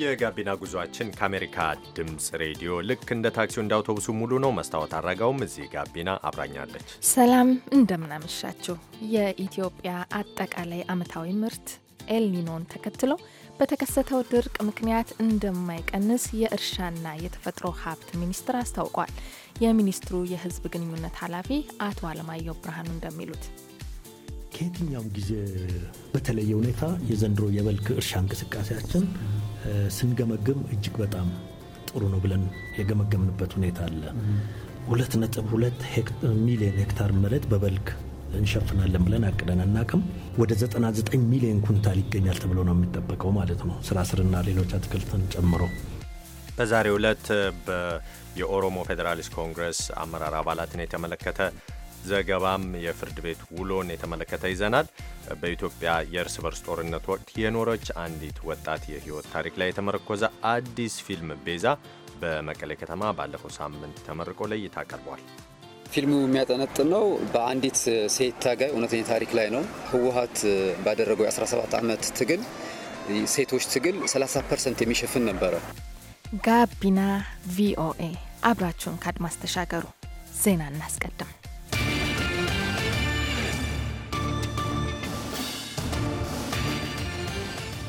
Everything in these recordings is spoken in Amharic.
የጋቢና ጉዟችን ከአሜሪካ ድምፅ ሬዲዮ ልክ እንደ ታክሲው እንደ አውቶቡሱ ሙሉ ነው። መስታወት አድረጋውም እዚህ ጋቢና አብራኛለች። ሰላም እንደምናመሻችሁ። የኢትዮጵያ አጠቃላይ አመታዊ ምርት ኤልኒኖን ተከትሎ በተከሰተው ድርቅ ምክንያት እንደማይቀንስ የእርሻና የተፈጥሮ ሀብት ሚኒስትር አስታውቋል። የሚኒስትሩ የሕዝብ ግንኙነት ኃላፊ አቶ አለማየሁ ብርሃኑ እንደሚሉት ከየትኛውም ጊዜ በተለየ ሁኔታ የዘንድሮ የበልግ እርሻ እንቅስቃሴያችን ስንገመግም እጅግ በጣም ጥሩ ነው ብለን የገመገምንበት ሁኔታ አለ። ሁለት ነጥብ ሁለት ሚሊዮን ሄክታር መሬት በበልግ እንሸፍናለን ብለን አቅደን አናቅም። ወደ 99 ሚሊዮን ኩንታል ይገኛል ተብሎ ነው የሚጠበቀው ማለት ነው ስራ ስርና ሌሎች አትክልትን ጨምሮ። በዛሬው ዕለት የኦሮሞ ፌዴራሊስት ኮንግረስ አመራር አባላትን የተመለከተ ዘገባም የፍርድ ቤት ውሎን የተመለከተ ይዘናል። በኢትዮጵያ የእርስ በርስ ጦርነት ወቅት የኖረች አንዲት ወጣት የህይወት ታሪክ ላይ የተመረኮዘ አዲስ ፊልም ቤዛ በመቀሌ ከተማ ባለፈው ሳምንት ተመርቆ ለእይታ ቀርቧል። ፊልሙ የሚያጠነጥነው በአንዲት ሴት ታጋይ እውነተኛ ታሪክ ላይ ነው። ህወሀት ባደረገው የ17 ዓመት ትግል ሴቶች ትግል 30 ፐርሰንት የሚሸፍን ነበረ። ጋቢና ቪኦኤ አብራችሁን ከአድማስ ተሻገሩ። ዜና እናስቀድም።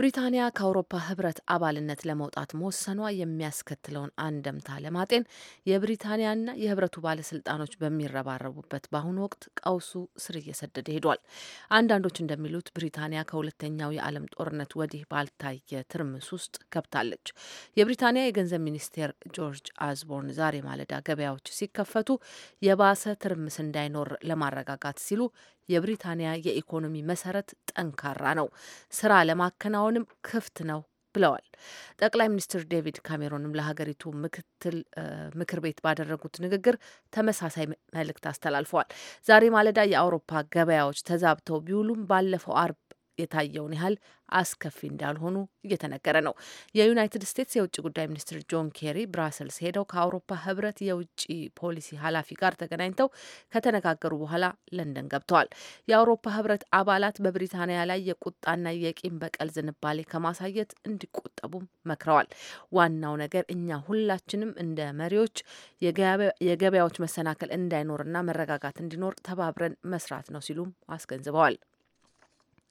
ብሪታንያ ከአውሮፓ ህብረት አባልነት ለመውጣት መወሰኗ የሚያስከትለውን አንደምታ ለማጤን የብሪታንያና የህብረቱ ባለስልጣኖች በሚረባረቡበት በአሁኑ ወቅት ቀውሱ ስር እየሰደደ ሄዷል። አንዳንዶች እንደሚሉት ብሪታንያ ከሁለተኛው የዓለም ጦርነት ወዲህ ባልታየ ትርምስ ውስጥ ገብታለች። የብሪታንያ የገንዘብ ሚኒስቴር ጆርጅ አዝቦርን ዛሬ ማለዳ ገበያዎች ሲከፈቱ የባሰ ትርምስ እንዳይኖር ለማረጋጋት ሲሉ የብሪታንያ የኢኮኖሚ መሰረት ጠንካራ ነው፣ ስራ ለማከናወንም ክፍት ነው ብለዋል። ጠቅላይ ሚኒስትር ዴቪድ ካሜሮንም ለሀገሪቱ ምክትል ምክር ቤት ባደረጉት ንግግር ተመሳሳይ መልእክት አስተላልፈዋል። ዛሬ ማለዳ የአውሮፓ ገበያዎች ተዛብተው ቢውሉም ባለፈው አርብ የታየውን ያህል አስከፊ እንዳልሆኑ እየተነገረ ነው። የዩናይትድ ስቴትስ የውጭ ጉዳይ ሚኒስትር ጆን ኬሪ ብራሰልስ ሄደው ከአውሮፓ ህብረት የውጭ ፖሊሲ ኃላፊ ጋር ተገናኝተው ከተነጋገሩ በኋላ ለንደን ገብተዋል። የአውሮፓ ህብረት አባላት በብሪታንያ ላይ የቁጣና የቂም በቀል ዝንባሌ ከማሳየት እንዲቆጠቡም መክረዋል። ዋናው ነገር እኛ ሁላችንም እንደ መሪዎች የገበያዎች መሰናከል እንዳይኖርና መረጋጋት እንዲኖር ተባብረን መስራት ነው ሲሉም አስገንዝበዋል።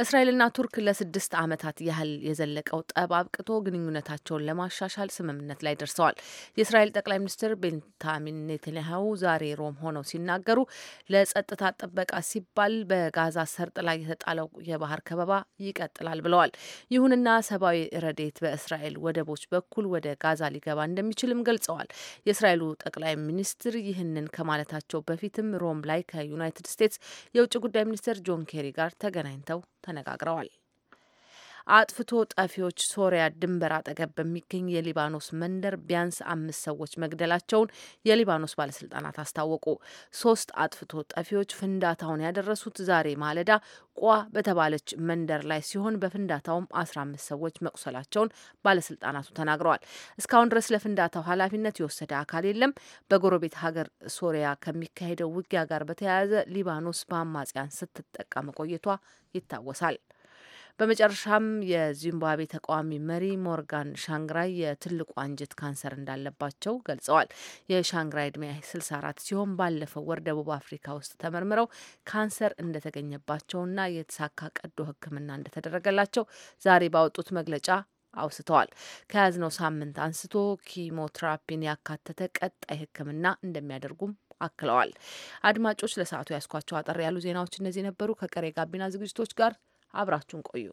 እስራኤልና ቱርክ ለስድስት ዓመታት ያህል የዘለቀው ጠብ አብቅቶ ግንኙነታቸውን ለማሻሻል ስምምነት ላይ ደርሰዋል። የእስራኤል ጠቅላይ ሚኒስትር ቤንታሚን ኔታንያሁ ዛሬ ሮም ሆነው ሲናገሩ ለጸጥታ ጥበቃ ሲባል በጋዛ ሰርጥ ላይ የተጣለው የባህር ከበባ ይቀጥላል ብለዋል። ይሁንና ሰብአዊ ረዴት በእስራኤል ወደቦች በኩል ወደ ጋዛ ሊገባ እንደሚችልም ገልጸዋል። የእስራኤሉ ጠቅላይ ሚኒስትር ይህንን ከማለታቸው በፊትም ሮም ላይ ከዩናይትድ ስቴትስ የውጭ ጉዳይ ሚኒስትር ጆን ኬሪ ጋር ተገናኝተው ተነጋግረዋል። አጥፍቶ ጠፊዎች ሶሪያ ድንበር አጠገብ በሚገኝ የሊባኖስ መንደር ቢያንስ አምስት ሰዎች መግደላቸውን የሊባኖስ ባለስልጣናት አስታወቁ። ሶስት አጥፍቶ ጠፊዎች ፍንዳታውን ያደረሱት ዛሬ ማለዳ ቋ በተባለች መንደር ላይ ሲሆን በፍንዳታውም አስራ አምስት ሰዎች መቁሰላቸውን ባለስልጣናቱ ተናግረዋል። እስካሁን ድረስ ለፍንዳታው ኃላፊነት የወሰደ አካል የለም። በጎረቤት ሀገር ሶሪያ ከሚካሄደው ውጊያ ጋር በተያያዘ ሊባኖስ በአማጽያን ስትጠቃ መቆየቷ ይታወሳል። በመጨረሻም የዚምባብዌ ተቃዋሚ መሪ ሞርጋን ሻንግራይ የትልቁ አንጀት ካንሰር እንዳለባቸው ገልጸዋል። የሻንግራይ እድሜ 64 ሲሆን ባለፈው ወር ደቡብ አፍሪካ ውስጥ ተመርምረው ካንሰር እንደተገኘባቸውና የተሳካ ቀዶ ሕክምና እንደተደረገላቸው ዛሬ ባወጡት መግለጫ አውስተዋል። ከያዝነው ሳምንት አንስቶ ኪሞትራፒን ያካተተ ቀጣይ ሕክምና እንደሚያደርጉም አክለዋል። አድማጮች፣ ለሰዓቱ ያስኳቸው አጠር ያሉ ዜናዎች እነዚህ ነበሩ። ከቀሬ ጋቢና ዝግጅቶች ጋር አብራችሁን ቆዩ።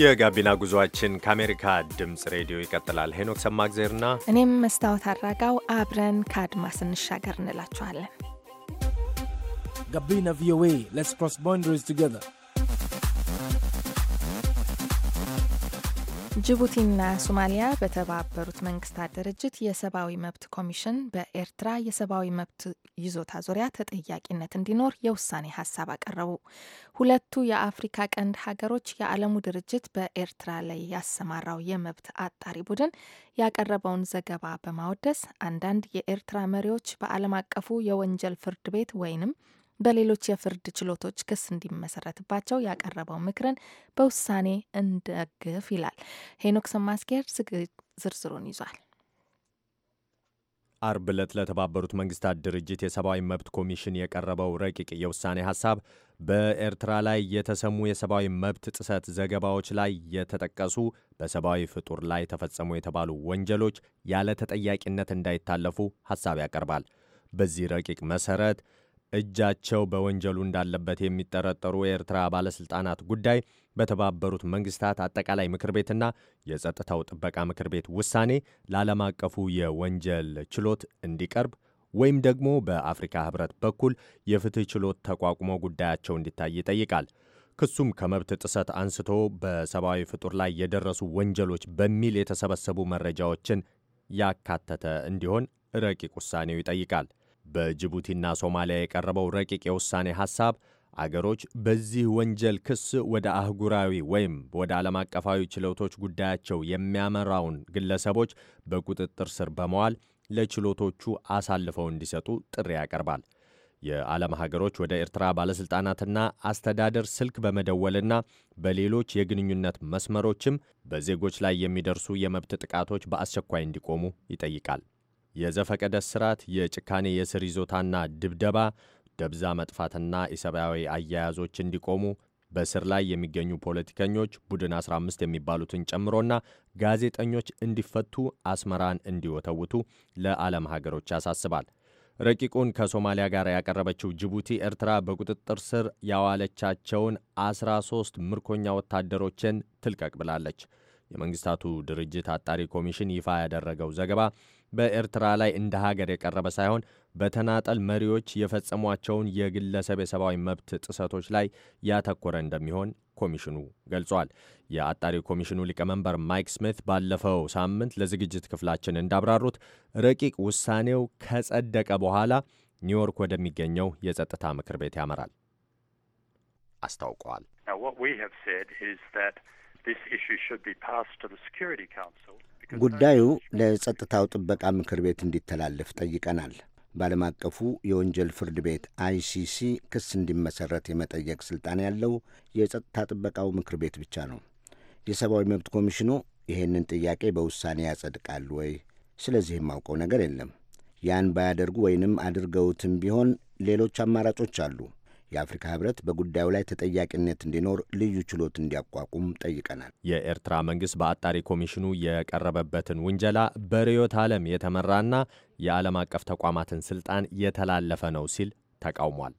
የጋቢና ጉዞአችን ከአሜሪካ ድምፅ ሬዲዮ ይቀጥላል። ሄኖክ ሰማግዜርና እኔም መስታወት አድራጋው አብረን ከአድማስ እንሻገር እንላችኋለን። ጋቢና ቪኦኤ ሌትስ ክሮስ ባውንደሪስ ቱጌዘር ጅቡቲና ሶማሊያ በተባበሩት መንግስታት ድርጅት የሰብአዊ መብት ኮሚሽን በኤርትራ የሰብአዊ መብት ይዞታ ዙሪያ ተጠያቂነት እንዲኖር የውሳኔ ሀሳብ አቀረቡ። ሁለቱ የአፍሪካ ቀንድ ሀገሮች የዓለሙ ድርጅት በኤርትራ ላይ ያሰማራው የመብት አጣሪ ቡድን ያቀረበውን ዘገባ በማወደስ አንዳንድ የኤርትራ መሪዎች በዓለም አቀፉ የወንጀል ፍርድ ቤት ወይንም በሌሎች የፍርድ ችሎቶች ክስ እንዲመሰረትባቸው ያቀረበው ምክርን በውሳኔ እንደግፍ ይላል። ሄኖክ ሰማስጌር ዝርዝሩን ይዟል። አርብ ዕለት ለተባበሩት መንግስታት ድርጅት የሰብአዊ መብት ኮሚሽን የቀረበው ረቂቅ የውሳኔ ሀሳብ በኤርትራ ላይ የተሰሙ የሰብአዊ መብት ጥሰት ዘገባዎች ላይ የተጠቀሱ በሰብአዊ ፍጡር ላይ ተፈጸሙ የተባሉ ወንጀሎች ያለ ተጠያቂነት እንዳይታለፉ ሀሳብ ያቀርባል። በዚህ ረቂቅ መሰረት እጃቸው በወንጀሉ እንዳለበት የሚጠረጠሩ የኤርትራ ባለሥልጣናት ጉዳይ በተባበሩት መንግስታት አጠቃላይ ምክር ቤትና የጸጥታው ጥበቃ ምክር ቤት ውሳኔ ለዓለም አቀፉ የወንጀል ችሎት እንዲቀርብ ወይም ደግሞ በአፍሪካ ህብረት በኩል የፍትህ ችሎት ተቋቁሞ ጉዳያቸው እንዲታይ ይጠይቃል። ክሱም ከመብት ጥሰት አንስቶ በሰብአዊ ፍጡር ላይ የደረሱ ወንጀሎች በሚል የተሰበሰቡ መረጃዎችን ያካተተ እንዲሆን ረቂቅ ውሳኔው ይጠይቃል። በጅቡቲና ሶማሊያ የቀረበው ረቂቅ የውሳኔ ሐሳብ አገሮች በዚህ ወንጀል ክስ ወደ አህጉራዊ ወይም ወደ ዓለም አቀፋዊ ችሎቶች ጉዳያቸው የሚያመራውን ግለሰቦች በቁጥጥር ስር በመዋል ለችሎቶቹ አሳልፈው እንዲሰጡ ጥሪ ያቀርባል። የዓለም ሀገሮች ወደ ኤርትራ ባለሥልጣናትና አስተዳደር ስልክ በመደወልና በሌሎች የግንኙነት መስመሮችም በዜጎች ላይ የሚደርሱ የመብት ጥቃቶች በአስቸኳይ እንዲቆሙ ይጠይቃል። የዘፈቀደ ስርዓት፣ የጭካኔ የስር ይዞታና ድብደባ፣ ደብዛ መጥፋትና የሰብአዊ አያያዞች እንዲቆሙ በስር ላይ የሚገኙ ፖለቲከኞች ቡድን 15 የሚባሉትን ጨምሮና ጋዜጠኞች እንዲፈቱ አስመራን እንዲወተውቱ ለዓለም ሀገሮች ያሳስባል። ረቂቁን ከሶማሊያ ጋር ያቀረበችው ጅቡቲ ኤርትራ በቁጥጥር ስር ያዋለቻቸውን 13 ምርኮኛ ወታደሮችን ትልቀቅ ብላለች። የመንግስታቱ ድርጅት አጣሪ ኮሚሽን ይፋ ያደረገው ዘገባ በኤርትራ ላይ እንደ ሀገር የቀረበ ሳይሆን በተናጠል መሪዎች የፈጸሟቸውን የግለሰብ የሰብአዊ መብት ጥሰቶች ላይ ያተኮረ እንደሚሆን ኮሚሽኑ ገልጿል። የአጣሪ ኮሚሽኑ ሊቀመንበር ማይክ ስሚት ባለፈው ሳምንት ለዝግጅት ክፍላችን እንዳብራሩት ረቂቅ ውሳኔው ከጸደቀ በኋላ ኒውዮርክ ወደሚገኘው የጸጥታ ምክር ቤት ያመራል አስታውቀዋል። ጉዳዩ ለጸጥታው ጥበቃ ምክር ቤት እንዲተላለፍ ጠይቀናል። በዓለም አቀፉ የወንጀል ፍርድ ቤት አይሲሲ ክስ እንዲመሠረት የመጠየቅ ሥልጣን ያለው የጸጥታ ጥበቃው ምክር ቤት ብቻ ነው። የሰብአዊ መብት ኮሚሽኑ ይህንን ጥያቄ በውሳኔ ያጸድቃል ወይ? ስለዚህ የማውቀው ነገር የለም። ያን ባያደርጉ ወይንም አድርገውትም ቢሆን ሌሎች አማራጮች አሉ። የአፍሪካ ህብረት በጉዳዩ ላይ ተጠያቂነት እንዲኖር ልዩ ችሎት እንዲያቋቁም ጠይቀናል። የኤርትራ መንግስት በአጣሪ ኮሚሽኑ የቀረበበትን ውንጀላ በርዕዮተ ዓለም የተመራና የዓለም አቀፍ ተቋማትን ስልጣን የተላለፈ ነው ሲል ተቃውሟል።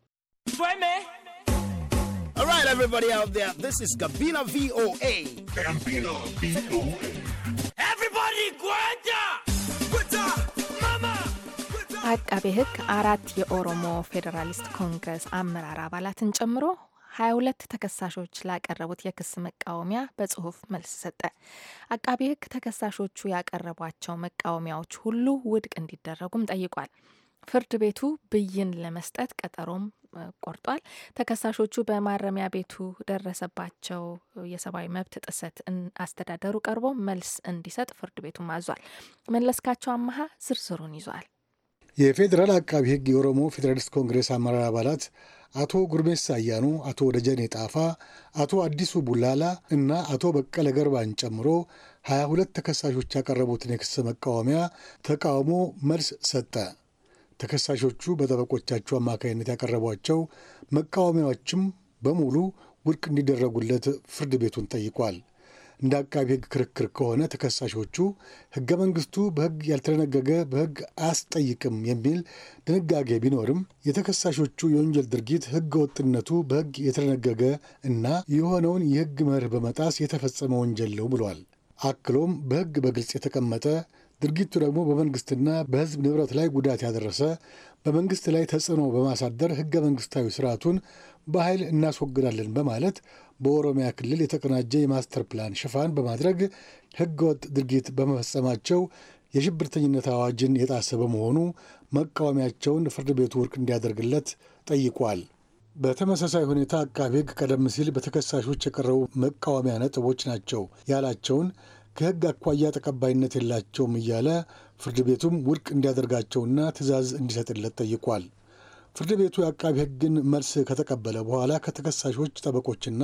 All everybody out there, this is Gabina VOA. Gabina VOA. አቃቤ ሕግ አራት የኦሮሞ ፌዴራሊስት ኮንግረስ አመራር አባላትን ጨምሮ 22 ተከሳሾች ላቀረቡት የክስ መቃወሚያ በጽሁፍ መልስ ሰጠ። አቃቤ ሕግ ተከሳሾቹ ያቀረቧቸው መቃወሚያዎች ሁሉ ውድቅ እንዲደረጉም ጠይቋል። ፍርድ ቤቱ ብይን ለመስጠት ቀጠሮም ቆርጧል። ተከሳሾቹ በማረሚያ ቤቱ ደረሰባቸው የሰብአዊ መብት ጥሰት አስተዳደሩ ቀርቦ መልስ እንዲሰጥ ፍርድ ቤቱም አዟል። መለስካቸው አመሀ ዝርዝሩን ይዟል። የፌዴራል አቃቢ ህግ የኦሮሞ ፌዴራሊስት ኮንግሬስ አመራር አባላት አቶ ጉርሜሳ አያኑ፣ አቶ ደጀኔ ጣፋ፣ አቶ አዲሱ ቡላላ እና አቶ በቀለ ገርባን ጨምሮ ሀያ ሁለት ተከሳሾች ያቀረቡትን የክስ መቃወሚያ ተቃውሞ መልስ ሰጠ። ተከሳሾቹ በጠበቆቻቸው አማካኝነት ያቀረቧቸው መቃወሚያዎችም በሙሉ ውድቅ እንዲደረጉለት ፍርድ ቤቱን ጠይቋል። እንደ አቃቢ ህግ ክርክር ከሆነ ተከሳሾቹ ህገ መንግስቱ በህግ ያልተደነገገ በህግ አያስጠይቅም የሚል ድንጋጌ ቢኖርም የተከሳሾቹ የወንጀል ድርጊት ህገ ወጥነቱ በህግ የተደነገገ እና የሆነውን የህግ መርህ በመጣስ የተፈጸመ ወንጀል ነው ብሏል። አክሎም በህግ በግልጽ የተቀመጠ ድርጊቱ ደግሞ በመንግስትና በህዝብ ንብረት ላይ ጉዳት ያደረሰ በመንግስት ላይ ተጽዕኖ በማሳደር ህገ መንግስታዊ ስርዓቱን በኃይል እናስወግዳለን በማለት በኦሮሚያ ክልል የተቀናጀ የማስተር ፕላን ሽፋን በማድረግ ህገወጥ ድርጊት በመፈጸማቸው የሽብርተኝነት አዋጅን የጣሰ በመሆኑ መቃወሚያቸውን ፍርድ ቤቱ ውድቅ እንዲያደርግለት ጠይቋል። በተመሳሳይ ሁኔታ አቃቢ ህግ ቀደም ሲል በተከሳሾች የቀረቡ መቃወሚያ ነጥቦች ናቸው ያላቸውን ከህግ አኳያ ተቀባይነት የላቸውም እያለ ፍርድ ቤቱም ውድቅ እንዲያደርጋቸውና ትዕዛዝ እንዲሰጥለት ጠይቋል። ፍርድ ቤቱ የአቃቢ ሕግን መልስ ከተቀበለ በኋላ ከተከሳሾች ጠበቆችና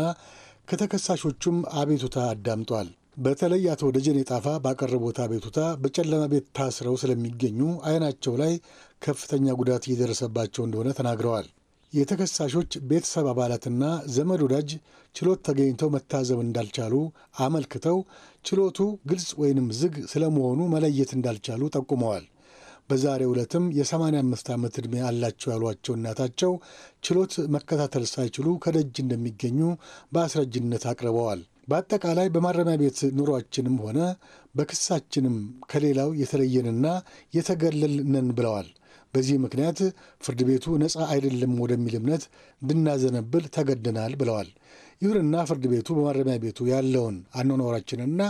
ከተከሳሾቹም አቤቱታ አዳምጧል። በተለይ አቶ ደጀኔ ጣፋ ባቀረቡት አቤቱታ በጨለማ ቤት ታስረው ስለሚገኙ አይናቸው ላይ ከፍተኛ ጉዳት እየደረሰባቸው እንደሆነ ተናግረዋል። የተከሳሾች ቤተሰብ አባላትና ዘመድ ወዳጅ ችሎት ተገኝተው መታዘብ እንዳልቻሉ አመልክተው ችሎቱ ግልጽ ወይንም ዝግ ስለመሆኑ መለየት እንዳልቻሉ ጠቁመዋል። በዛሬ ዕለትም የ85 ዓመት ዕድሜ አላቸው ያሏቸው እናታቸው ችሎት መከታተል ሳይችሉ ከደጅ እንደሚገኙ በአስረጅነት አቅርበዋል። በአጠቃላይ በማረሚያ ቤት ኑሯችንም ሆነ በክሳችንም ከሌላው የተለየንና የተገለልነን ብለዋል። በዚህ ምክንያት ፍርድ ቤቱ ነፃ አይደለም ወደሚል እምነት እንድናዘነብል ተገደናል ብለዋል። ይሁንና ፍርድ ቤቱ በማረሚያ ቤቱ ያለውን አኗኗራችንና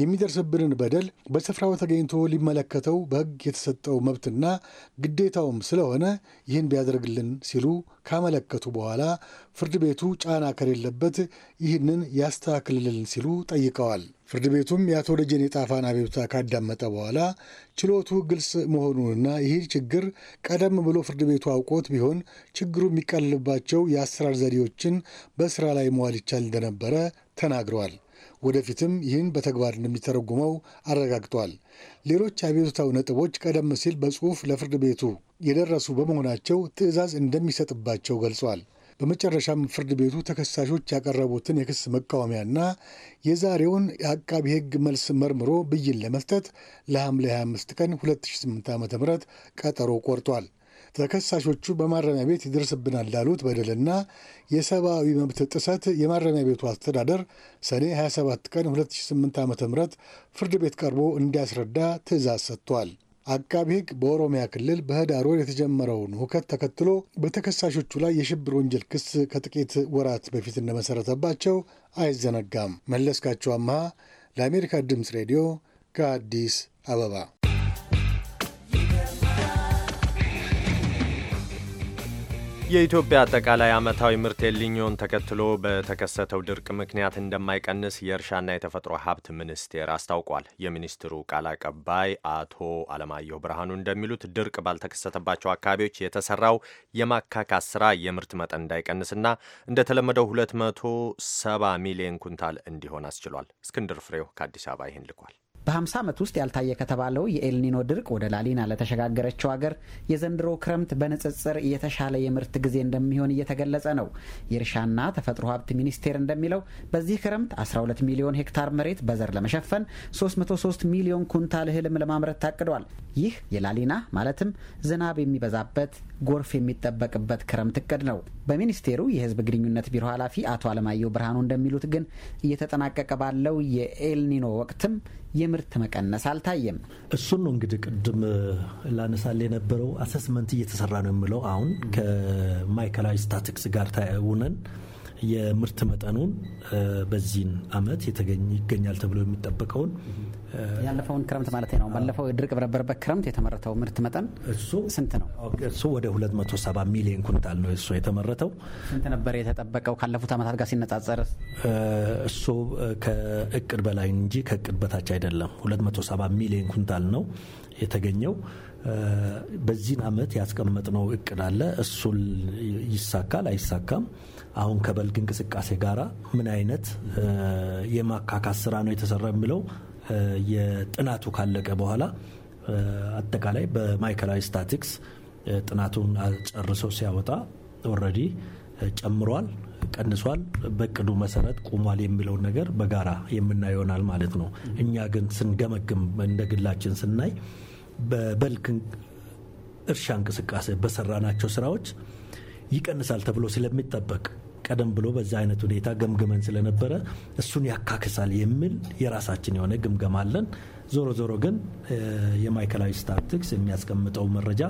የሚደርስብንን በደል በስፍራው ተገኝቶ ሊመለከተው በሕግ የተሰጠው መብትና ግዴታውም ስለሆነ ይህን ቢያደርግልን ሲሉ ካመለከቱ በኋላ ፍርድ ቤቱ ጫና ከሌለበት ይህንን ያስተካክልልን ሲሉ ጠይቀዋል። ፍርድ ቤቱም የአቶ ደጀን የጣፋን አቤቱታ ካዳመጠ በኋላ ችሎቱ ግልጽ መሆኑንና ይህ ችግር ቀደም ብሎ ፍርድ ቤቱ አውቆት ቢሆን ችግሩ የሚቀልልባቸው የአሰራር ዘዴዎችን በስራ ላይ መዋል ይቻል እንደነበረ ተናግረዋል። ወደፊትም ይህን በተግባር እንደሚተረጉመው አረጋግጧል። ሌሎች አቤቱታው ነጥቦች ቀደም ሲል በጽሁፍ ለፍርድ ቤቱ የደረሱ በመሆናቸው ትዕዛዝ እንደሚሰጥባቸው ገልጿል። በመጨረሻም ፍርድ ቤቱ ተከሳሾች ያቀረቡትን የክስ መቃወሚያና የዛሬውን የአቃቢ ሕግ መልስ መርምሮ ብይን ለመስጠት ለሐምሌ 25 ቀን 2008 ዓ ም ቀጠሮ ቆርጧል። ተከሳሾቹ በማረሚያ ቤት ይደርስብናል ላሉት በደልና የሰብአዊ መብት ጥሰት የማረሚያ ቤቱ አስተዳደር ሰኔ 27 ቀን 2008 ዓ ም ፍርድ ቤት ቀርቦ እንዲያስረዳ ትእዛዝ ሰጥቷል። አቃቢ ሕግ በኦሮሚያ ክልል በህዳር ወር የተጀመረውን ሁከት ተከትሎ በተከሳሾቹ ላይ የሽብር ወንጀል ክስ ከጥቂት ወራት በፊት እንደመሰረተባቸው አይዘነጋም። መለስካቸው አምሃ ለአሜሪካ ድምፅ ሬዲዮ ከአዲስ አበባ የኢትዮጵያ አጠቃላይ ዓመታዊ ምርት ኤልኒኞን ተከትሎ በተከሰተው ድርቅ ምክንያት እንደማይቀንስ የእርሻና የተፈጥሮ ሀብት ሚኒስቴር አስታውቋል። የሚኒስትሩ ቃል አቀባይ አቶ አለማየሁ ብርሃኑ እንደሚሉት ድርቅ ባልተከሰተባቸው አካባቢዎች የተሰራው የማካካት ስራ የምርት መጠን እንዳይቀንስና እንደተለመደው 270 ሚሊዮን ኩንታል እንዲሆን አስችሏል። እስክንድር ፍሬው ከአዲስ አበባ ይህን ልኳል። በ50 ዓመት ውስጥ ያልታየ ከተባለው የኤልኒኖ ድርቅ ወደ ላሊና ለተሸጋገረችው ሀገር የዘንድሮ ክረምት በንጽጽር የተሻለ የምርት ጊዜ እንደሚሆን እየተገለጸ ነው። የእርሻና ተፈጥሮ ሀብት ሚኒስቴር እንደሚለው በዚህ ክረምት 12 ሚሊዮን ሄክታር መሬት በዘር ለመሸፈን 303 ሚሊዮን ኩንታል እህልም ለማምረት ታቅዷል። ይህ የላሊና ማለትም ዝናብ የሚበዛበት ጎርፍ የሚጠበቅበት ክረምት እቅድ ነው። በሚኒስቴሩ የህዝብ ግንኙነት ቢሮ ኃላፊ አቶ አለማየሁ ብርሃኑ እንደሚሉት ግን እየተጠናቀቀ ባለው የኤልኒኖ ወቅትም የምርት መቀነስ አልታየም። እሱን ነው እንግዲህ ቅድም ላነሳል የነበረው አሰስመንት እየተሰራ ነው የምለው አሁን ከማይከላዊ ስታቲክስ ጋር ተውነን የምርት መጠኑን በዚህን አመት ይገኛል ተብሎ የሚጠበቀውን ያለፈውን ክረምት ማለት ነው። ባለፈው ድርቅ በነበረበት ክረምት የተመረተው ምርት መጠን እሱ ስንት ነው? እሱ ወደ 270 ሚሊዮን ኩንታል ነው እሱ የተመረተው። ስንት ነበር የተጠበቀው ካለፉት ዓመታት ጋር ሲነጻጸር? እሱ ከእቅድ በላይ እንጂ ከእቅድ በታች አይደለም። 270 ሚሊዮን ኩንታል ነው የተገኘው። በዚህን ዓመት ያስቀመጥነው እቅድ አለ። እሱን ይሳካል አይሳካም አሁን ከበልግ እንቅስቃሴ ጋራ ምን አይነት የማካካስ ስራ ነው የተሰራ የሚለው የጥናቱ ካለቀ በኋላ አጠቃላይ በማዕከላዊ ስታቲክስ ጥናቱን ጨርሶ ሲያወጣ ኦልሬዲ ጨምሯል፣ ቀንሷል፣ በቅዱ መሰረት ቁሟል የሚለውን ነገር በጋራ የምናየው ይሆናል ማለት ነው። እኛ ግን ስንገመግም እንደ ግላችን ስናይ በበልክ እርሻ እንቅስቃሴ በሰራናቸው ስራዎች ይቀንሳል ተብሎ ስለሚጠበቅ ቀደም ብሎ በዛ አይነት ሁኔታ ገምግመን ስለነበረ እሱን ያካክሳል የሚል የራሳችን የሆነ ግምገማ አለን። ዞሮ ዞሮ ግን የማዕከላዊ ስታትስቲክስ የሚያስቀምጠው መረጃ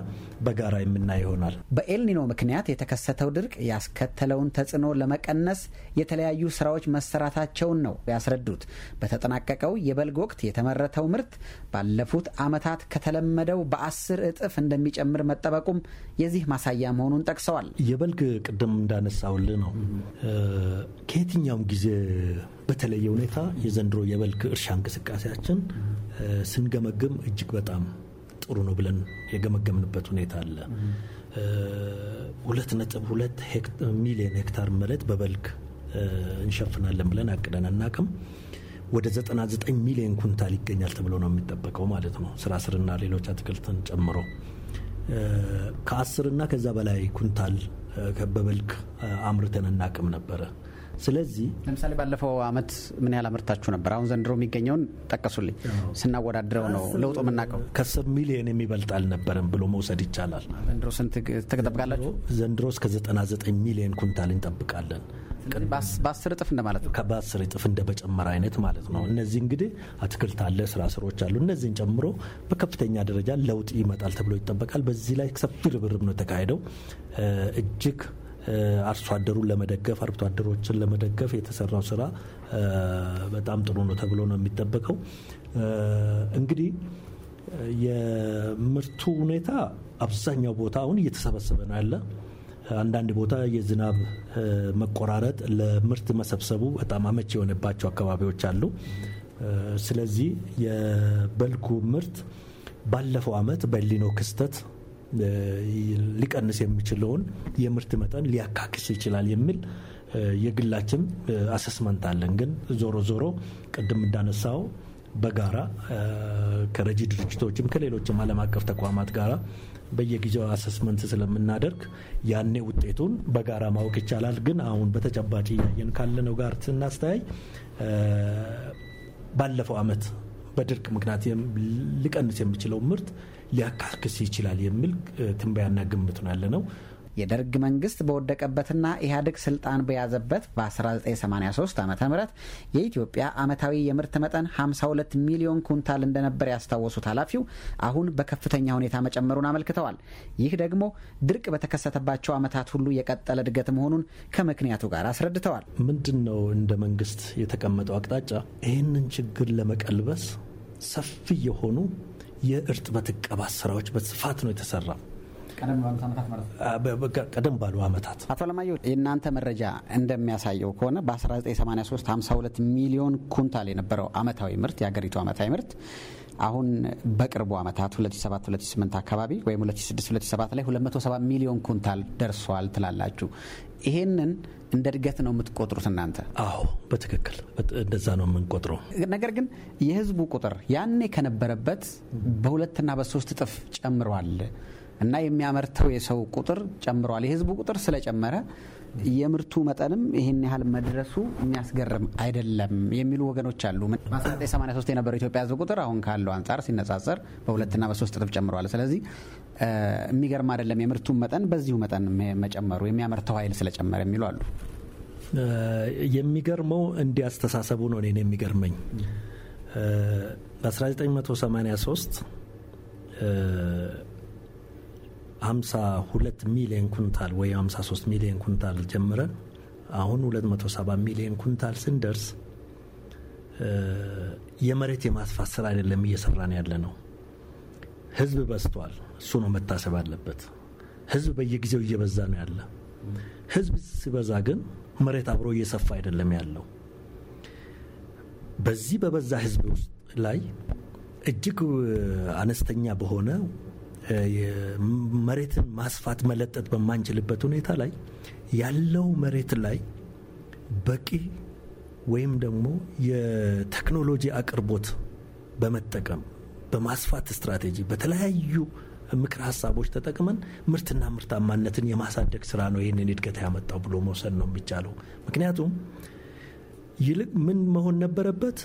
በጋራ የምናይ ይሆናል። በኤልኒኖ ምክንያት የተከሰተው ድርቅ ያስከተለውን ተጽዕኖ ለመቀነስ የተለያዩ ስራዎች መሰራታቸውን ነው ያስረዱት። በተጠናቀቀው የበልግ ወቅት የተመረተው ምርት ባለፉት ዓመታት ከተለመደው በአስር እጥፍ እንደሚጨምር መጠበቁም የዚህ ማሳያ መሆኑን ጠቅሰዋል። የበልግ ቅድም እንዳነሳውል ነው ከየትኛውም ጊዜ በተለየ ሁኔታ የዘንድሮ የበልግ እርሻ እንቅስቃሴያችን ስንገመግም እጅግ በጣም ጥሩ ነው ብለን የገመገምንበት ሁኔታ አለ። ሁለት ነጥብ ሁለት ሚሊዮን ሄክታር መሬት በበልግ እንሸፍናለን ብለን አቅደን አናቅም። ወደ 99 ሚሊዮን ኩንታል ይገኛል ተብሎ ነው የሚጠበቀው ማለት ነው። ስራ ስርና ሌሎች አትክልትን ጨምሮ ከአስርና ከዛ በላይ ኩንታል በበልግ አምርተን እናቅም ነበረ። ስለዚህ ለምሳሌ ባለፈው አመት ምን ያህል አምርታችሁ ነበር? አሁን ዘንድሮ የሚገኘውን ጠቀሱልኝ። ስናወዳድረው ነው ለውጡ የምናውቀው። ከአስር ሚሊዮን የሚበልጥ አልነበረም ብሎ መውሰድ ይቻላል። ዘንድሮ ስንት ትጠብቃላችሁ? ዘንድሮ እስከ 99 ሚሊዮን ኩንታል እንጠብቃለን። በአስር እጥፍ እንደማለት ነው። በአስር እጥፍ እንደ መጨመር አይነት ማለት ነው። እነዚህ እንግዲህ አትክልት አለ፣ ስራ ስሮች አሉ። እነዚህን ጨምሮ በከፍተኛ ደረጃ ለውጥ ይመጣል ተብሎ ይጠበቃል። በዚህ ላይ ሰፊ ርብርብ ነው የተካሄደው እጅግ አርሶ አደሩን ለመደገፍ አርብቶ አደሮችን ለመደገፍ የተሰራው ስራ በጣም ጥሩ ነው ተብሎ ነው የሚጠበቀው። እንግዲህ የምርቱ ሁኔታ አብዛኛው ቦታ አሁን እየተሰበሰበ ነው ያለ። አንዳንድ ቦታ የዝናብ መቆራረጥ ለምርት መሰብሰቡ በጣም አመች የሆነባቸው አካባቢዎች አሉ። ስለዚህ የበልጉ ምርት ባለፈው አመት በሊኖ ክስተት ሊቀንስ የሚችለውን የምርት መጠን ሊያካክስ ይችላል የሚል የግላችን አሰስመንት አለን። ግን ዞሮ ዞሮ ቅድም እንዳነሳው በጋራ ከረጂ ድርጅቶችም ከሌሎችም ዓለም አቀፍ ተቋማት ጋር በየጊዜው አሰስመንት ስለምናደርግ ያኔ ውጤቱን በጋራ ማወቅ ይቻላል። ግን አሁን በተጨባጭ እያየን ካለነው ጋር ስናስተያይ ባለፈው ዓመት በድርቅ ምክንያት ሊቀንስ የሚችለው ምርት ሊያካክስ ይችላል የሚል ትንበያና ግምት ነው ያለነው። የደርግ መንግስት በወደቀበትና ኢህአዴግ ስልጣን በያዘበት በ1983 ዓ ም የኢትዮጵያ ዓመታዊ የምርት መጠን 52 ሚሊዮን ኩንታል እንደነበር ያስታወሱት ኃላፊው አሁን በከፍተኛ ሁኔታ መጨመሩን አመልክተዋል። ይህ ደግሞ ድርቅ በተከሰተባቸው ዓመታት ሁሉ የቀጠለ እድገት መሆኑን ከምክንያቱ ጋር አስረድተዋል። ምንድን ነው እንደ መንግስት የተቀመጠው አቅጣጫ? ይህንን ችግር ለመቀልበስ ሰፊ የሆኑ የእርጥበት እቀባት ስራዎች በስፋት ነው የተሰራ። ቀደም ባሉ ዓመታት አቶ አለማየሁ የእናንተ መረጃ እንደሚያሳየው ከሆነ በ1983 52 ሚሊዮን ኩንታል የነበረው አመታዊ ምርት የአገሪቱ አመታዊ ምርት አሁን በቅርቡ ዓመታት 2728 አካባቢ ወይም 2627 ላይ 270 ሚሊዮን ኩንታል ደርሷል ትላላችሁ። ይሄንን እንደ እድገት ነው የምትቆጥሩት እናንተ? አዎ በትክክል እንደዛ ነው የምንቆጥረው። ነገር ግን የህዝቡ ቁጥር ያኔ ከነበረበት በሁለትና በሶስት እጥፍ ጨምሯል እና የሚያመርተው የሰው ቁጥር ጨምሯል። የህዝቡ ቁጥር ስለጨመረ የምርቱ መጠንም ይህን ያህል መድረሱ የሚያስገርም አይደለም የሚሉ ወገኖች አሉ። በ1983 የነበረው ኢትዮጵያ ሕዝብ ቁጥር አሁን ካለው አንጻር ሲነጻጸር በሁለትና በሶስት እጥፍ ጨምረዋል። ስለዚህ የሚገርም አይደለም የምርቱን መጠን በዚሁ መጠን መጨመሩ የሚያመርተው ኃይል ስለጨመረ የሚሉ አሉ። የሚገርመው እንዲህ አስተሳሰቡ ነው። እኔን የሚገርመኝ በ1983 52 ሚሊዮን ኩንታል ወይ 53 ሚሊዮን ኩንታል ጀምረን አሁን 270 ሚሊዮን ኩንታል ስንደርስ የመሬት የማስፋት ስራ አይደለም እየሰራን ያለ ነው። ህዝብ በዝቷል። እሱ ነው መታሰብ አለበት። ህዝብ በየጊዜው እየበዛ ነው ያለ። ህዝብ ሲበዛ ግን መሬት አብሮ እየሰፋ አይደለም ያለው። በዚህ በበዛ ህዝብ ውስጥ ላይ እጅግ አነስተኛ በሆነ መሬትን ማስፋት መለጠጥ በማንችልበት ሁኔታ ላይ ያለው መሬት ላይ በቂ ወይም ደግሞ የቴክኖሎጂ አቅርቦት በመጠቀም በማስፋት ስትራቴጂ በተለያዩ ምክር ሀሳቦች ተጠቅመን ምርትና ምርታማነትን የማሳደግ ስራ ነው ይህንን እድገት ያመጣው ብሎ መውሰድ ነው የሚቻለው። ምክንያቱም ይልቅ ምን መሆን ነበረበት?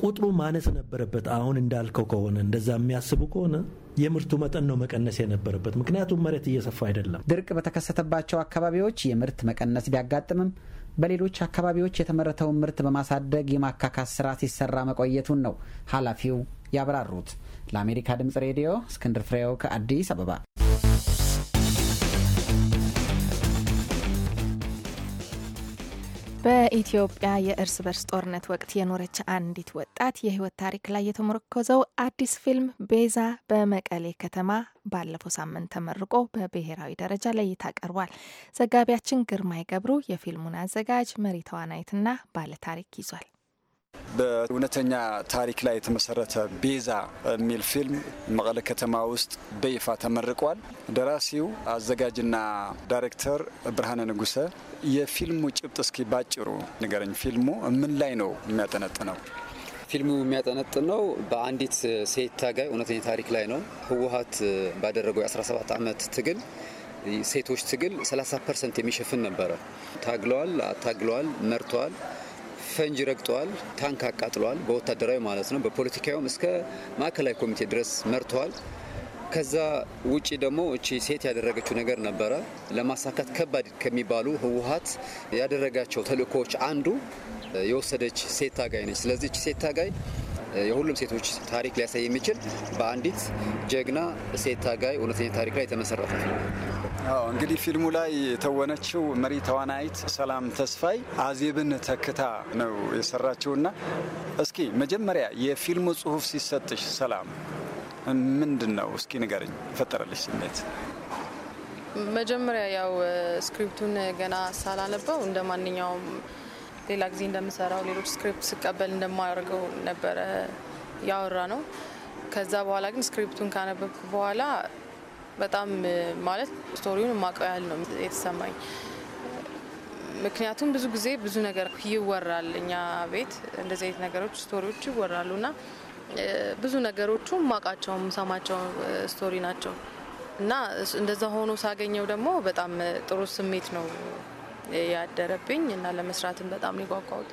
ቁጥሩ ማነስ ነበረበት። አሁን እንዳልከው ከሆነ እንደዛ የሚያስቡ ከሆነ የምርቱ መጠን ነው መቀነስ የነበረበት። ምክንያቱም መሬት እየሰፋ አይደለም። ድርቅ በተከሰተባቸው አካባቢዎች የምርት መቀነስ ቢያጋጥምም በሌሎች አካባቢዎች የተመረተውን ምርት በማሳደግ የማካካስ ስራ ሲሰራ መቆየቱን ነው ኃላፊው ያብራሩት። ለአሜሪካ ድምጽ ሬዲዮ እስክንድር ፍሬው ከአዲስ አበባ በኢትዮጵያ የእርስ በርስ ጦርነት ወቅት የኖረች አንዲት ወጣት የህይወት ታሪክ ላይ የተመረኮዘው አዲስ ፊልም ቤዛ በመቀሌ ከተማ ባለፈው ሳምንት ተመርቆ በብሔራዊ ደረጃ ለእይታ ቀርቧል። ዘጋቢያችን ግርማይ ገብሩ የፊልሙን አዘጋጅ መሪ ተዋናይትና ባለታሪክ ይዟል። በእውነተኛ ታሪክ ላይ የተመሰረተ ቤዛ የሚል ፊልም መቀለ ከተማ ውስጥ በይፋ ተመርቋል። ደራሲው አዘጋጅና ዳይሬክተር ብርሃነ ንጉሰ፣ የፊልሙ ጭብጥ እስኪ ባጭሩ ንገረኝ። ፊልሙ ምን ላይ ነው የሚያጠነጥነው? ፊልሙ የሚያጠነጥነው በአንዲት ሴት ታጋይ እውነተኛ ታሪክ ላይ ነው። ህወሀት ባደረገው የ17 ዓመት ትግል ሴቶች ትግል 30 ፐርሰንት የሚሸፍን ነበረ። ታግለዋል፣ አታግለዋል፣ መርተዋል ፈንጅ ረግጠዋል፣ ታንክ አቃጥለዋል፣ በወታደራዊ ማለት ነው። በፖለቲካዊም እስከ ማዕከላዊ ኮሚቴ ድረስ መርተዋል። ከዛ ውጪ ደግሞ እቺ ሴት ያደረገችው ነገር ነበረ። ለማሳካት ከባድ ከሚባሉ ህወሀት ያደረጋቸው ተልእኮዎች አንዱ የወሰደች ሴት ታጋይ ነች። ስለዚህ እቺ ሴት ታጋይ የሁሉም ሴቶች ታሪክ ሊያሳይ የሚችል በአንዲት ጀግና ሴት ታጋይ እውነተኛ ታሪክ ላይ የተመሰረተ ነው። አዎ እንግዲህ ፊልሙ ላይ የተወነችው መሪ ተዋናይት ሰላም ተስፋይ አዜብን ተክታ ነው የሰራችውና እስኪ መጀመሪያ የፊልሙ ጽሁፍ ሲሰጥሽ ሰላም ምንድን ነው እስኪ ንገርኝ፣ የፈጠረልሽ ስሜት? መጀመሪያ ያው ስክሪፕቱን ገና ሳላነበው እንደ ማንኛውም ሌላ ጊዜ እንደምሰራው ሌሎች ስክሪፕት ስቀበል እንደማያደርገው ነበረ ያወራ ነው። ከዛ በኋላ ግን ስክሪፕቱን ካነበብኩ በኋላ በጣም ማለት ስቶሪውን ማቀው ያህል ነው የተሰማኝ። ምክንያቱም ብዙ ጊዜ ብዙ ነገር ይወራል፣ እኛ ቤት እንደዚህ አይነት ነገሮች ስቶሪዎች ይወራሉ እና ብዙ ነገሮቹ ማቃቸው ሰማቸው ስቶሪ ናቸው እና እንደዛ ሆኖ ሳገኘው ደግሞ በጣም ጥሩ ስሜት ነው ያደረብኝ እና ለመስራትም በጣም ሊጓጓውት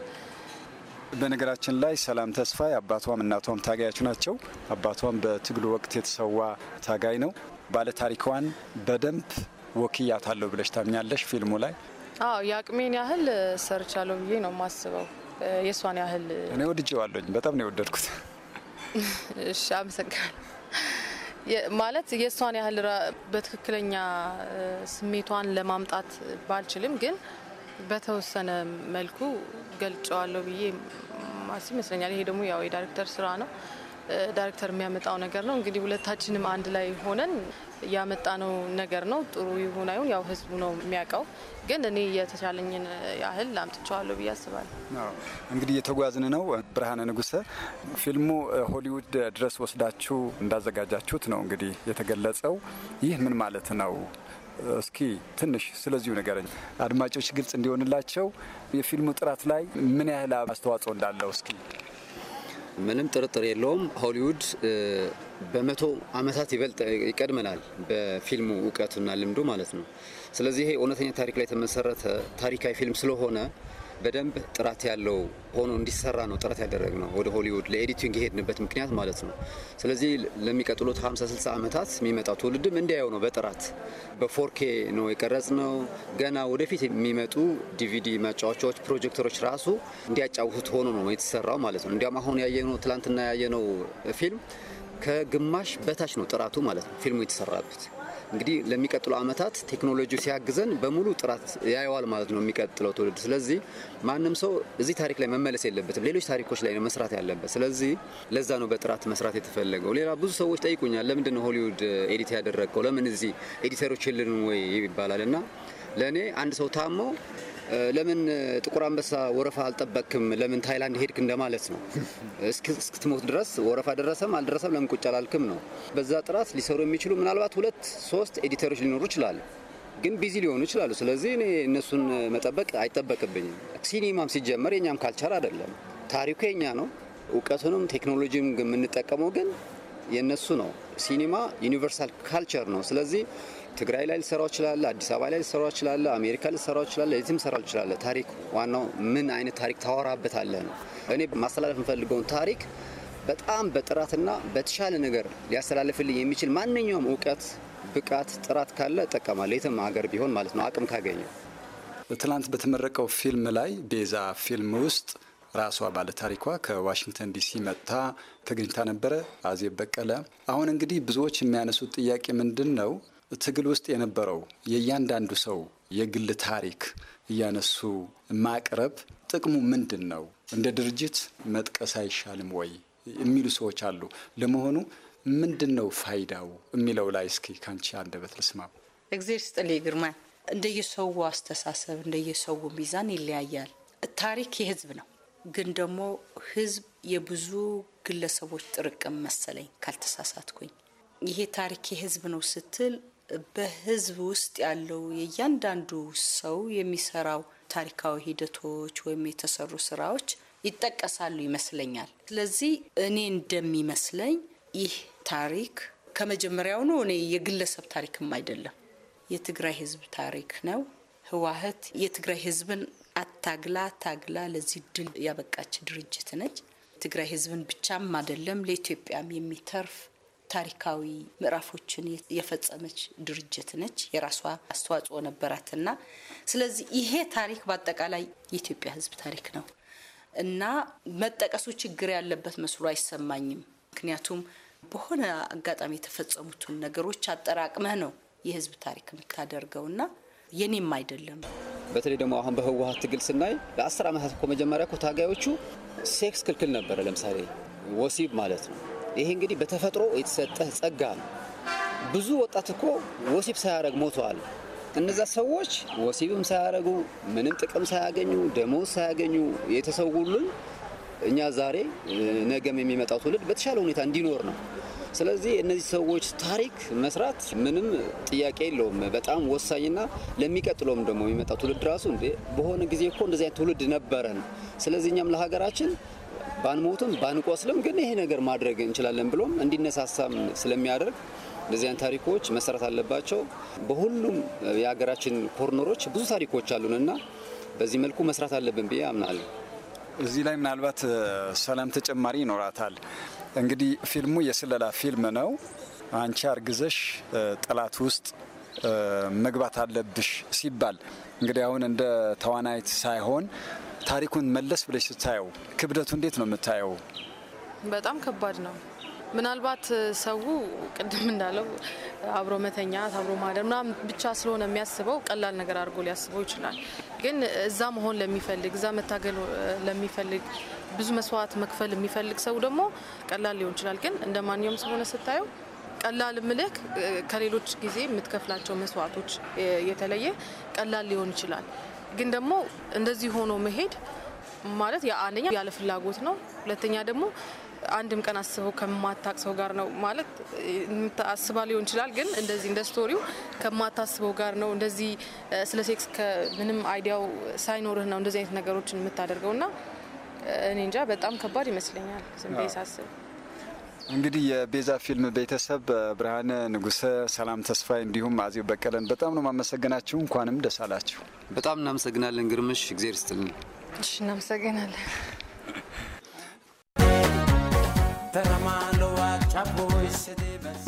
በነገራችን ላይ ሰላም ተስፋ አባቷም እናቷም ታጋያች ናቸው። አባቷም በትግሉ ወቅት የተሰዋ ታጋይ ነው። ባለታሪክዋን በደንብ ወክያታለሁ ብለሽ ታምኛለሽ? ፊልሙ ላይ አዎ፣ የአቅሜን ያህል ሰርቻለሁ ብዬ ነው የማስበው። የእሷን ያህል እኔ ወድጄዋለሁኝ። በጣም ነው የወደድኩት። እሺ፣ አመሰግናለሁ። ማለት የእሷን ያህል በትክክለኛ ስሜቷን ለማምጣት ባልችልም፣ ግን በተወሰነ መልኩ ገልጨዋለሁ ብዬ ማስ ይመስለኛል። ይሄ ደግሞ ያው የዳይሬክተር ስራ ነው። ዳይሬክተር የሚያመጣው ነገር ነው። እንግዲህ ሁለታችንም አንድ ላይ ሆነን ነው ነገር ነው። ጥሩ ይሁን አይሁን ያው ህዝቡ ነው የሚያውቀው። ግን እኔ የተቻለኝን ያህል አምጥቼዋለሁ ብዬ አስባለሁ። እንግዲህ እየተጓዝን ነው። ብርሃነ ንጉሰ፣ ፊልሙ ሆሊውድ ድረስ ወስዳችሁ እንዳዘጋጃችሁት ነው እንግዲህ የተገለጸው። ይህ ምን ማለት ነው? እስኪ ትንሽ ስለዚሁ ነገር አድማጮች ግልጽ እንዲሆንላቸው የፊልሙ ጥራት ላይ ምን ያህል አስተዋጽኦ እንዳለው እስኪ ምንም ጥርጥር የለውም ሆሊውድ በመቶ ዓመታት ይበልጥ ይቀድመናል በፊልሙ እውቀቱና ልምዱ ማለት ነው። ስለዚህ ይሄ እውነተኛ ታሪክ ላይ የተመሰረተ ታሪካዊ ፊልም ስለሆነ በደንብ ጥራት ያለው ሆኖ እንዲሰራ ነው ጥረት ያደረግነው ወደ ሆሊውድ ለኤዲቲንግ የሄድንበት ምክንያት ማለት ነው። ስለዚህ ለሚቀጥሉት 50 60 ዓመታት የሚመጣው ትውልድም እንዲያየው ነው። በጥራት በፎርኬ ነው የቀረጽ ነው። ገና ወደፊት የሚመጡ ዲቪዲ ማጫወቻዎች፣ ፕሮጀክተሮች ራሱ እንዲያጫውቱት ሆኖ ነው የተሰራው ማለት ነው። እንዲያውም አሁን ያየነው ትላንትና ያየነው ፊልም ከግማሽ በታች ነው ጥራቱ ማለት ነው ፊልሙ የተሰራበት እንግዲህ ለሚቀጥሉ አመታት ቴክኖሎጂ ሲያግዘን በሙሉ ጥራት ያየዋል ማለት ነው የሚቀጥለው ትውልድ። ስለዚህ ማንም ሰው እዚህ ታሪክ ላይ መመለስ የለበትም፣ ሌሎች ታሪኮች ላይ ነው መስራት ያለበት። ስለዚህ ለዛ ነው በጥራት መስራት የተፈለገው። ሌላ ብዙ ሰዎች ጠይቁኛል፣ ለምንድን ነው ሆሊውድ ኤዲት ያደረግከው? ለምን እዚህ ኤዲተሮች የለንም ወይ ይባላል እና ለእኔ አንድ ሰው ታሞ ለምን ጥቁር አንበሳ ወረፋ አልጠበክም? ለምን ታይላንድ ሄድክ እንደማለት ነው። እስክትሞት ድረስ ወረፋ ደረሰም አልደረሰም ለምን ቁጭ አላልክም ነው። በዛ ጥራት ሊሰሩ የሚችሉ ምናልባት ሁለት ሶስት ኤዲተሮች ሊኖሩ ይችላሉ፣ ግን ቢዚ ሊሆኑ ይችላሉ። ስለዚህ እኔ እነሱን መጠበቅ አይጠበቅብኝም። ሲኒማም ሲጀመር የኛም ካልቸር አይደለም። ታሪኩ የኛ ነው። እውቀቱንም ቴክኖሎጂም የምንጠቀመው ግን የነሱ ነው። ሲኒማ ዩኒቨርሳል ካልቸር ነው። ስለዚህ ትግራይ ላይ ልሰራው ይችላለ፣ አዲስ አበባ ላይ ልሰራው ይችላለ፣ አሜሪካ ልሰራው ይችላለ፣ የትም ሰራው ይችላለ። ታሪክ ዋናው ምን አይነት ታሪክ ታወራበታለህ ነው። እኔ ማስተላለፍ የምፈልገውን ታሪክ በጣም በጥራትና በተሻለ ነገር ሊያስተላልፍልኝ የሚችል ማንኛውም እውቀት፣ ብቃት፣ ጥራት ካለ እጠቀማለሁ። የትም ሀገር ቢሆን ማለት ነው አቅም ካገኘ። ትናንት በተመረቀው ፊልም ላይ ቤዛ ፊልም ውስጥ ራሷ ባለታሪኳ ከዋሽንግተን ዲሲ መጥታ ተገኝታ ነበረ። አዜብ በቀለ። አሁን እንግዲህ ብዙዎች የሚያነሱት ጥያቄ ምንድን ነው? ትግል ውስጥ የነበረው የእያንዳንዱ ሰው የግል ታሪክ እያነሱ ማቅረብ ጥቅሙ ምንድን ነው? እንደ ድርጅት መጥቀስ አይሻልም ወይ የሚሉ ሰዎች አሉ። ለመሆኑ ምንድን ነው ፋይዳው የሚለው ላይ እስኪ ካንቺ አንደበት ልስማ። እግዜር ስጥልኝ ግርማ። እንደየሰው አስተሳሰብ እንደየሰው ሚዛን ይለያያል። ታሪክ የህዝብ ነው። ግን ደግሞ ህዝብ የብዙ ግለሰቦች ጥርቅም መሰለኝ ካልተሳሳትኩኝ። ይሄ ታሪክ የህዝብ ነው ስትል በህዝብ ውስጥ ያለው የእያንዳንዱ ሰው የሚሰራው ታሪካዊ ሂደቶች ወይም የተሰሩ ስራዎች ይጠቀሳሉ ይመስለኛል። ስለዚህ እኔ እንደሚመስለኝ ይህ ታሪክ ከመጀመሪያው ነው። እኔ የግለሰብ ታሪክም አይደለም፣ የትግራይ ህዝብ ታሪክ ነው። ህወሓት የትግራይ ህዝብን ታግላ ታግላ ለዚህ ድል ያበቃች ድርጅት ነች። ትግራይ ህዝብን ብቻም አይደለም ለኢትዮጵያም የሚተርፍ ታሪካዊ ምዕራፎችን የፈጸመች ድርጅት ነች። የራሷ አስተዋጽኦ ነበራትና ስለዚህ ይሄ ታሪክ በአጠቃላይ የኢትዮጵያ ህዝብ ታሪክ ነው እና መጠቀሱ ችግር ያለበት መስሎ አይሰማኝም። ምክንያቱም በሆነ አጋጣሚ የተፈጸሙትን ነገሮች አጠራቅመህ ነው የህዝብ ታሪክ የምታደርገውና የኔም አይደለም በተለይ ደግሞ አሁን በህወሀት ትግል ስናይ ለአስር ዓመታት እኮ መጀመሪያ እኮ ታጋዮቹ ሴክስ ክልክል ነበረ። ለምሳሌ ወሲብ ማለት ነው። ይሄ እንግዲህ በተፈጥሮ የተሰጠ ጸጋ ነው። ብዙ ወጣት እኮ ወሲብ ሳያደረግ ሞተዋል። እነዛ ሰዎች ወሲብም ሳያደረጉ ምንም ጥቅም ሳያገኙ ደሞዝ ሳያገኙ የተሰውሉን እኛ ዛሬ ነገም የሚመጣው ትውልድ በተሻለ ሁኔታ እንዲኖር ነው ስለዚህ እነዚህ ሰዎች ታሪክ መስራት ምንም ጥያቄ የለውም። በጣም ወሳኝና ለሚቀጥለውም ደግሞ የሚመጣ ትውልድ ራሱ እንዴ በሆነ ጊዜ እኮ እንደዚህ አይነት ትውልድ ነበረን። ስለዚህ እኛም ለሀገራችን ባንሞትም ባንቆስልም ግን ይሄ ነገር ማድረግ እንችላለን ብሎም እንዲነሳሳም ስለሚያደርግ እንደዚህ አይነት ታሪኮች መሰራት አለባቸው። በሁሉም የሀገራችን ኮርነሮች ብዙ ታሪኮች አሉን እና በዚህ መልኩ መስራት አለብን ብዬ አምናለሁ። እዚህ ላይ ምናልባት ሰላም ተጨማሪ ይኖራታል። እንግዲህ ፊልሙ የስለላ ፊልም ነው። አንቺ አርግዘሽ ጠላት ውስጥ መግባት አለብሽ ሲባል እንግዲህ አሁን እንደ ተዋናይት ሳይሆን ታሪኩን መለስ ብለሽ ስታየው ክብደቱ እንዴት ነው የምታየው? በጣም ከባድ ነው። ምናልባት ሰው ቅድም እንዳለው አብሮ መተኛት አብሮ ማደር ምናምን ብቻ ስለሆነ የሚያስበው ቀላል ነገር አድርጎ ሊያስበው ይችላል። ግን እዛ መሆን ለሚፈልግ እዛ መታገል ለሚፈልግ ብዙ መስዋዕት መክፈል የሚፈልግ ሰው ደግሞ ቀላል ሊሆን ይችላል። ግን እንደ ማንኛውም ስለሆነ ስታየው ቀላል ምልክ ከሌሎች ጊዜ የምትከፍላቸው መስዋዕቶች የተለየ ቀላል ሊሆን ይችላል። ግን ደግሞ እንደዚህ ሆኖ መሄድ ማለት አንደኛ ያለ ፍላጎት ነው። ሁለተኛ ደግሞ አንድም ቀን አስበው ከማታቅ ሰው ጋር ነው ማለት አስባ ሊሆን ይችላል። ግን እንደዚህ እንደ ስቶሪው ከማታስበው ጋር ነው እንደዚህ ስለ ሴክስ ከምንም አይዲያው ሳይኖርህ ነው እንደዚህ አይነት ነገሮችን የምታደርገው ና እኔ እንጃ በጣም ከባድ ይመስለኛል ዝም ብዬ ሳስብ። እንግዲህ የቤዛ ፊልም ቤተሰብ ብርሃነ ንጉሰ፣ ሰላም ተስፋይ እንዲሁም አዜብ በቀለን በጣም ነው ማመሰግናችሁ። እንኳንም ደስ አላችሁ። በጣም እናመሰግናለን ግርምሽ፣ እግዜር ይስጥልን። እናመሰግናለን።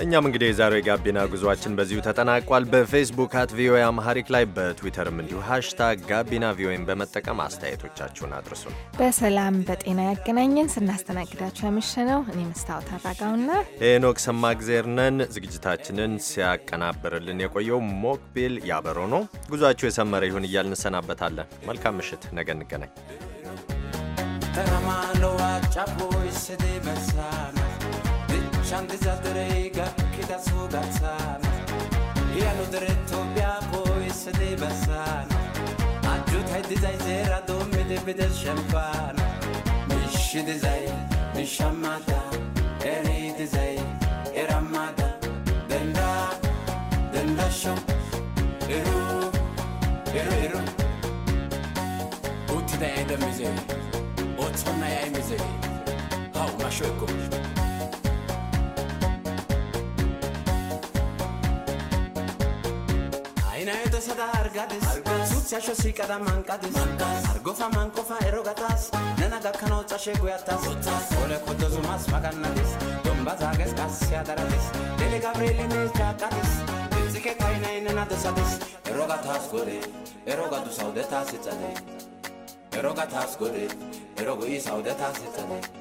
እኛም እንግዲህ የዛሬው የጋቢና ጉዟችን በዚሁ ተጠናቋል። በፌስቡክ አት ቪኦኤ አምሃሪክ ላይ በትዊተርም እንዲሁ ሃሽታግ ጋቢና ቪኦኤን በመጠቀም አስተያየቶቻችሁን አድርሱን። በሰላም በጤና ያገናኘን። ስናስተናግዳችሁ ነው እኔ መስታወት አራጋውና ሄኖክ ሰማግዜር ነን። ዝግጅታችንን ሲያቀናብርልን የቆየው ሞክቢል ያበሮ ነው። ጉዟችሁ የሰመረ ይሁን እያል እንሰናበታለን። መልካም ምሽት፣ ነገ እንገናኝ። c'handiza derega che da suga sana e hanno diretto biapo e se deve sana aggiunta e disai sera dove deve del champagne misci disai misciamata e ri disai e ramata denda denda show eru eru eru uti da eda mizei otsona ya mizei hau mashoiko ენა ეტა სადა არგადეს სუციაშო სიკა და მანკადეს არგოფა მანკოფა ეროგატას ნანა გაქანო წაშე გუათას ოლე ქოდოზუ მას მაგანადეს დომბაზაგეს კასი ადარადეს დელე გაბრელი მე ჩაკადეს ძიკე ქაინა ენა ნადა სადეს ეროგატას გორე ეროგადუ საუდე თასი წადე ეროგატას გორე ეროგო ის საუდე თასი წადე